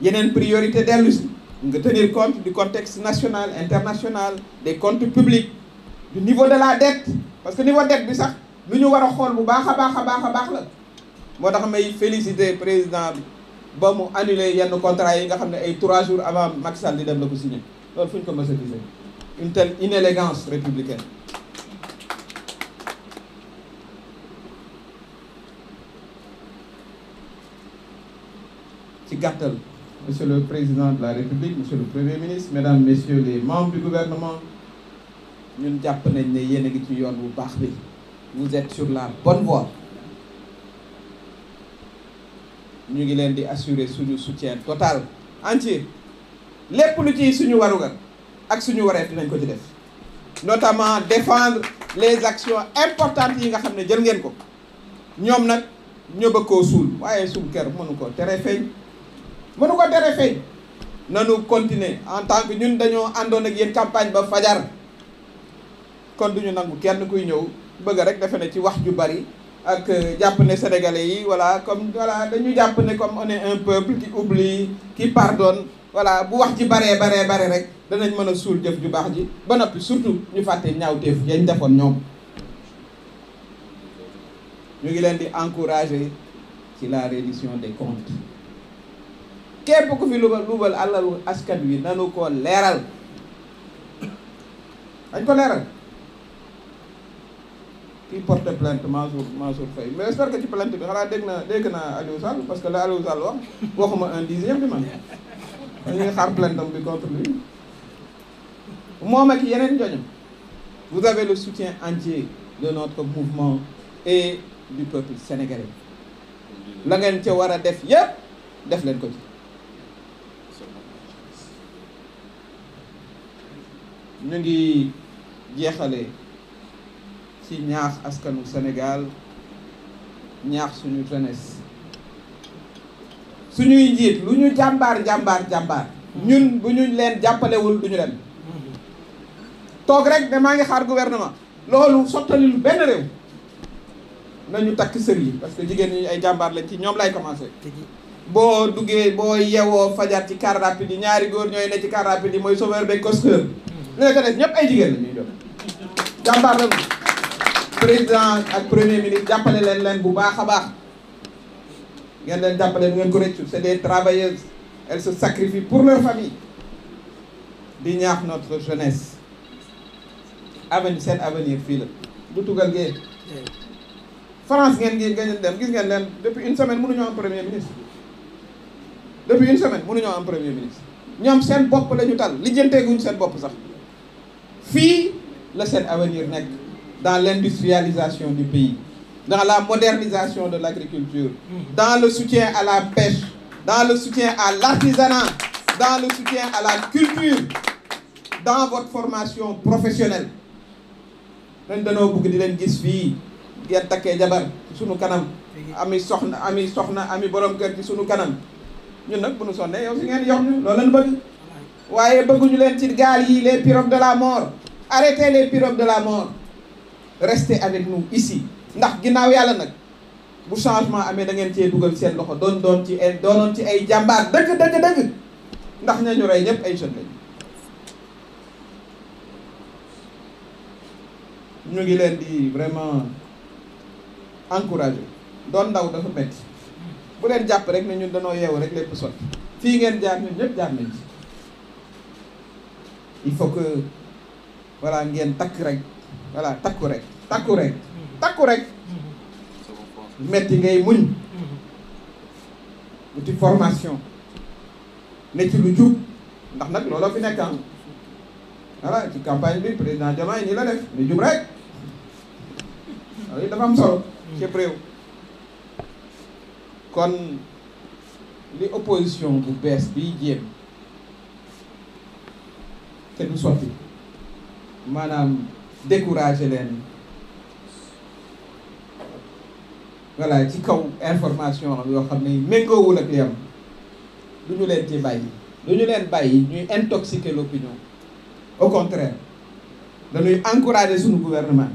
yeneen priorité dellu nga tenir compte du contexte national international des comptes publics du niveau de la dette parce que niveau dette bi sax lu ñu war a xool bu baax a baax a baax a baax la moo tax may féliciter président bi ba mu annulé yenn contrat yi nga xam ne ay trois jours avant Macky Sall di dem la ko signé loolu fu ñu ko mës a gisee une telle inélégance républicaine ci gàttal Monsieur le Président de la République Monsieur le Premier ministre Mesdames, Messieurs les membres du gouvernement ñun jàpp nañ ne yéen a ngi ci yoon bu baax bi vous êtes sur la bonne voie ñu ngi leen di assurer suñu soutien total entier lépp lu ci suñu warugar ak suñu wareef dinañ ko ci def notamment défendre les actions importantes yi nga xam ne jël ngeen ko ñoom nag ñoo bëgg koo suul waaye suul mënu ko tere feeñ mënu ko tere feeñ nanu continuer en tant que ñun dañoo àndoon ak yéen campagne ba fajar kon duñu nangu kenn kuy ñëw bëgg rek defe ne ci wax ju bari ak euh, jàpp ne sénégalais yi voilà comme voilà dañu jàpp ne comme on est un peuple qui oublie qui pardonne voilà bu wax ji baree baree bare rek danañ mën a suul jëf ju baax ji ba noppi surtout ñu fàtte ñaawteef yañ defoon ñoom ñu ngi leen di encourager ci la reddition des comptes képp ku fi lubal lubal alalu askan wi nanu ko leeral dañ ko leeral kii porte plainte Mansour Mansour Faye mais j'espère que ci plainte bi xanaa dégg na dégg naa Aliou parce que la Aliou Sall wax waxuma un dixième bi man dañuy xaar plainte am bi contre moom ak yeneen njoñam vous avez le soutien entier de notre mouvement et du peuple sénégalais la ngeen ca war a def yépp def leen ko ci ñu ngi jeexale ci ñaax askanu Sénégal ñaax suñu jeunesse suñuy njiit lu ñu jàmbaar jàmbaar jàmbaar ñun bu ñu leen jàppalewul lu ñu dem toog rek ne maa ngi xaar gouvernement loolu sottalil benn réew nañu takk sër yi parce que jigéen ñi ay jàmbaar lañ ci ñoom lay commencé boo duggee boo yewoo fajar ci car rapide ñaari góor ñooy ne ci car rapide yi mooy chauffeur beeg costeur léegi ka des ñëpp ay jigéen la ñuy doon jàmbaar la président ak premier ministre jàppale leen leen bu baax a baax ngeen leen jàppale bu ngeen ko rëccu c'est des travailleuses elles se sacrifient pour leur famille di ñaax notre jeunesse avenir seen avenir fii la du tugal ngeen France ngeen ngi ngeen dem gis ngeen leen depuis une semaine mënuñoo am premier ministre depuis une semaine mënuñoo am premier ministre ñoom seen bopp lañu ñu lijjantee lijjanteeguñ seen bopp sax fii la seen avenir nekk dans l'industrialisation du pays dans la modernisation de l'agriculture dans le soutien à la pêche dans le soutien à l'artisanat dans le soutien à la culture dans votre formation professionnelle ren danoo bëgg di leen gis fii ngeen takkee jabar ci sunu kanam ami soxna ami na ami borom kër ci sunu kanam ñun nag bu nu sonnee yow si ngeen yox ñu loolu lañ bëgg waaye bëgguñu leen ci gaal yii les pirogues de la mort arrêtez les pirogues de la mort restez avec nous ici ndax ginnaaw yàlla nag bu changement amee da ngeen cee dugal seen loxo doon doon ci ay doonoon ci ay jàmbaar dëgg dëgg dëgg ndax ña ñu rey ñëpp ay jeunes lañu ñu ngi leen di vraiment encouragé doon ndaw dafa metti bu leen jàpp rek ne ñun danoo yeewu rek lépp sotti fii ngeen jaar ñun ñëpp jaar nañ ci il faut que voilà ngeen takk rekk voilà takku rek takku rek takku rek metti ngay muñ wuti formation ne ci lu jub ndax nag looloo fi nekk am voilà ci campagne bi président Diomaye nii la def lu jub rek waaye dafa am solo cëpp réew kon li opposition bu bees bi jéem te du sotti maanaam découragé leen voilà ci kaw information yoo xam ne méngoowul ak li am du ñu leen ci bàyyi du ñu leen bàyyi ñuy intoxiquer l'opinion au contraire dañuy encourager suñu gouvernement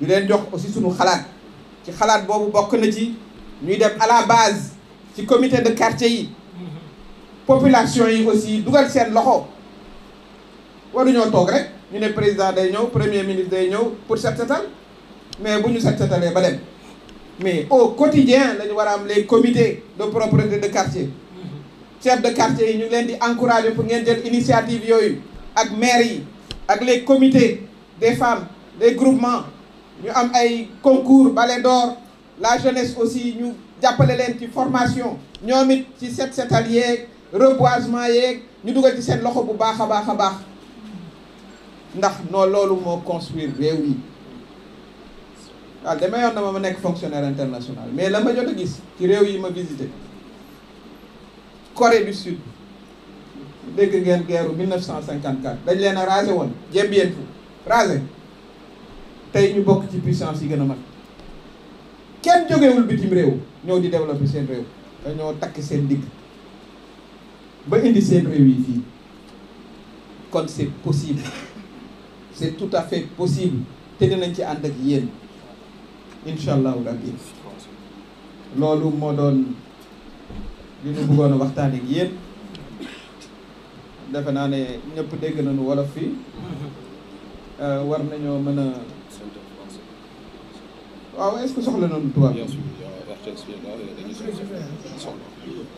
ñu leen jox aussi suñu xalaat ci xalaat boobu bokk na ci ñuy dem à la base ci comité de quartier yi mm-hmm. population yi aussi dugal seen loxo waruñoo toog rek ñu ne président day ñëw premier ministre day ñëw pour set setal mais bu ñu set setalee ba dem mais au quotidien lañu war a am les comités de propreté de quartier chef de quartier yi ñu leen di encourager pour ngeen jël initiative yooyu ak maires yi ak les comités des femmes les groupement ñu am ay concours bale d'or la jeunesse aussi ñu jàppale leen ci formation ñoom it ci set setal yeeg reboisement yeeg ñu dugal ci seen loxo bu baax a baax a baax ndax noo loolu moo construire réew yi waaw dama yoon na ma ma nekk fonctionnaire international mais la ma jot a gis ci réew yi ma visité Corée du Sud dégg ngeen guerre 1954 dañ leen a rasé woon jembiyeen fu rasé tey ñu bokk ci puissance yi gën a mag kenn jógewul bitim réew ñëw di développé seen réew dañoo takk seen digg ba indi seen réew yi fii kon c'est possible c'est tout à fait possible te dinañ ci ànd ak yéen incha allahu loolu moo doon li ñu bëggoon waxtaan ak yéen defe naa ne ñëpp dégg nañu wolof fii euh, war nañoo mën a waaw est-ce que soxla nañu tubaab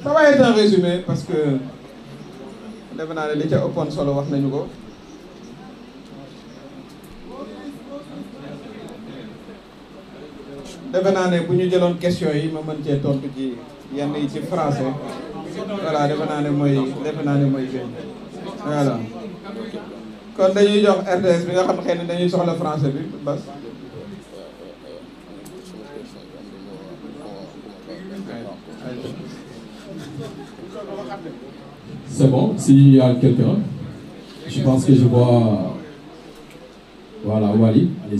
ça va être résumé parce que defe naa ne li ca ëppoon solo wax nañu ko defe naa ne bu ñu jëloon question yi ma mën cee ton ci yenn yi ci français voilà defe naa ne mooy defe naa ne mooy gën voilà kon dañuy jox RTS bi nga xam xëy dañuy soxla français bi bas C'est bon, s'il y a quelqu'un, pense que je vois, voilà, Wally, allez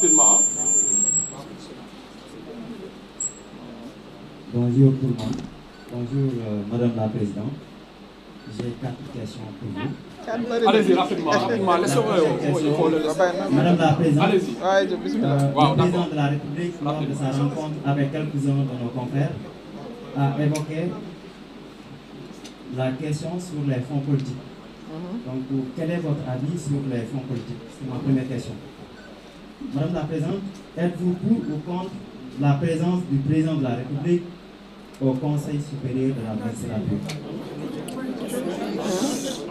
rapidement. Bonjour tout le monde. Bonjour euh, Madame la Présidente. J'ai quatre questions pour vous. Allez-y rapidement, rapidement. Laissez-moi. Euh, la Présidente, euh, le Président de la République, lors de sa rencontre avec la question sur les fonds politiques. Mhm. Donc, quel est votre avis sur les fonds politiques C'est ma première question. Madame la Présidente, êtes-vous pour ou contre la présence du Président de la République au Conseil supérieur de la magistrature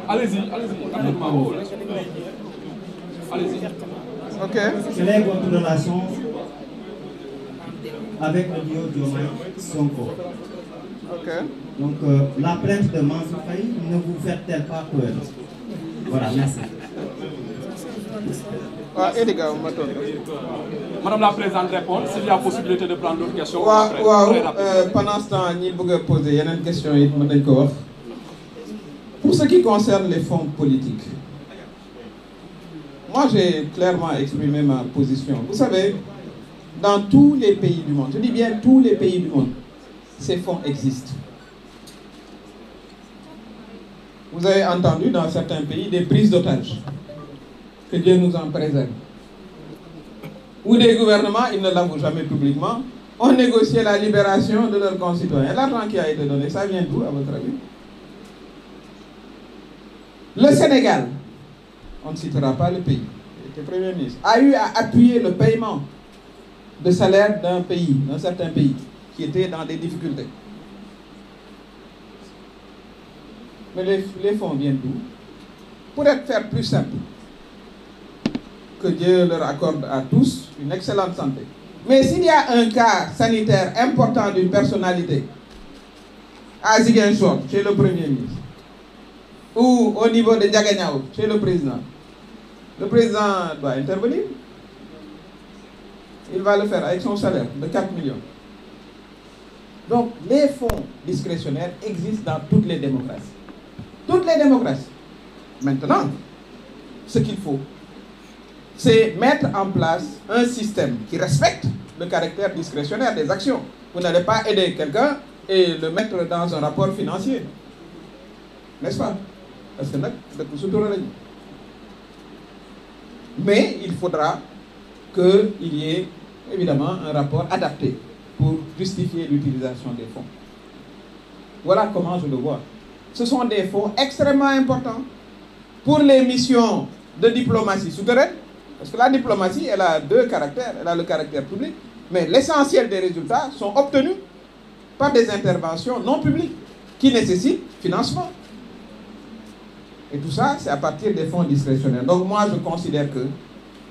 Allez-y, allez-y, allez-y. relation avec le duo Diomaye Sonko Donc, euh, de Mansour ne vous fait pas peur Voilà, merci. waaw ah, Ediga ma tontu. madame la présidente répond s'il y a possibilité de prendre d'autres questions. waaw waaw euh, pendant ce temps ñi bëgg a yeneen questions yi mën nañu ko wax. pour ce qui concerne les fons politiques. Moi, j'ai clairement exprimé ma position. Vous savez, dans tous les pays du monde, je dis bien tous les pays du monde, ces fonds existent. Vous avez entendu dans certains pays des prises d'otages. Que Dieu nous en préserve. Ou des gouvernements, ils ne l'avouent jamais publiquement, ont négocié la libération de leurs concitoyens. L'argent qui a été donné, ça vient d'où, à votre avis Le Sénégal, on ne citera pas le pays, le Premier ministre, a eu à appuyer le paiement de salaire d'un pays, d'un certain pays, qui était dans des difficultés. Mais les, les fonds viennent d'où Pour être faire que Dieu leur accorde à tous une excellente santé. Mais s'il y a un cas sanitaire important d'une personnalité, à Ziguinchor, chez le Premier ministre, ou au niveau de Diaganiao, chez le président, le président doit intervenir. Il va le faire avec son salaire de 4 millions. Donc les fonds discrétionnaires existent dans toutes les démocraties. Toutes les démocraties. Maintenant, ce qu'il faut, c'est mettre en place un système qui respecte le caractère discrétionnaire des actions. Vous n'allez pas aider quelqu'un et le mettre dans un rapport financier. N'est-ce pas Parce que là, Mais il faudra qu'il y ait évidemment un rapport adapté pour justifier l'utilisation des fonds. Voilà comment je le vois. Ce sont des fonds extrêmement importants pour les missions de diplomatie souterraine, Parce que la diplomatie, elle a deux caractères. Elle a le caractère public, mais l'essentiel des résultats sont obtenus par des interventions non publiques qui nécessitent financement. Et tout ça, c'est à partir des fonds discrétionnaires. Donc moi, je considère que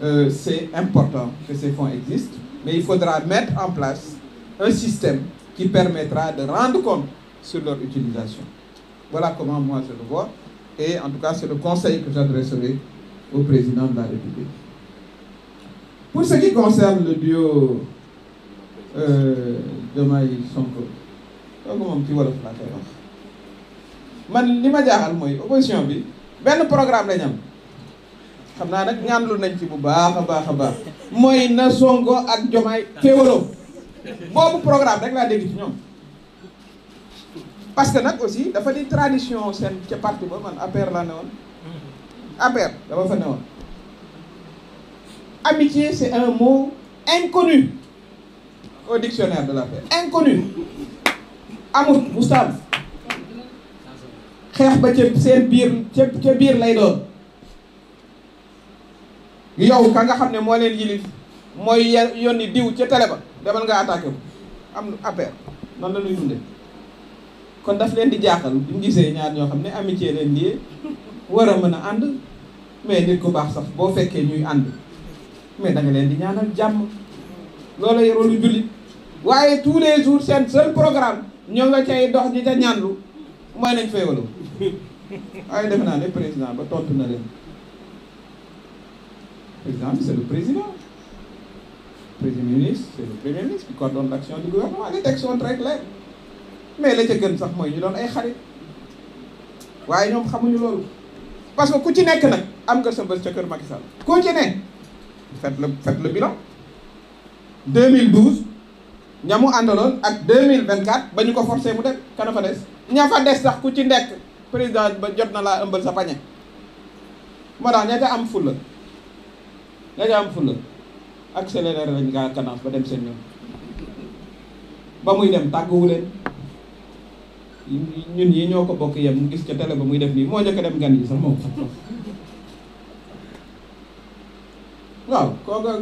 euh, c'est important que ces fonds existent, mais il faudra mettre en place un système qui permettra de rendre compte sur leur utilisation. Voilà comment moi je le vois. Et en tout cas, c'est le conseil que j'adresserai au président de la République. Pour ce qui concerne le duo euh, Diomaye Sonko kooku moom ci wolof laa koy wax man li ma jaaxal mooy opposition bi benn programme lañ am xam naa nag ñaanlu nañ ci bu baax a baax a baax mooy na Sonko ak Diomaye féewaloo boobu programme rek laa dégg ci ñoom parce que nag aussi dafa di tradition seen ca parti ba man APR laa ne woon APR dama fa ne woon amitié c'est un mot inconnu au dictionnaire de la paix inconnu amut oustaz xeex ba ca seen biir ca ca biir lay doon yow ka nga xam ne moo leen yilif mooy yoon yónni diw ca télé ba demal nga attaqué ko am affaire noonu la ñuy dundee kon daf leen di jaaxal buñ gisee ñaar ñoo xam ne amitié leen lii war a mën a ànd mais nit ku baax sax boo fekkee ñuy ànd mais da nga leen di ñaanal jàmm loola yoroon lu jullit waaye tous les jours seen seul programme ñoo nga cay dox di ca ñaanlu mooy nañ feewalu waaye defe naa ne président ba tontu na leen président bi c'est le président premier ministre c'est le premier ministre qui coordonne l'action du gouvernement les textes sont très mais la ca gën sax mooy ñu doon ay xarit waaye ñoom xamuñu loolu parce que ku ci nekk nag am nga sa bés ca kër Macky Sall ku la le faites le bilan 2012 ña ñamu àndaloon ak 2024 ba ñu ko forcé mu def kana fa des ña fa des sax ku ci nekk président ba jot na laa ëmbal sa pañe moo tax ña ca am fulla ña ca am fulla accéléré lañ ngaa kanam ba dem seen yoon ba muy dem tàgguwu leen ñun yi ñoo ko bokk yem mu gis ca télé ba muy def nii moo njëkk dem gan yi sax moom waaw kooka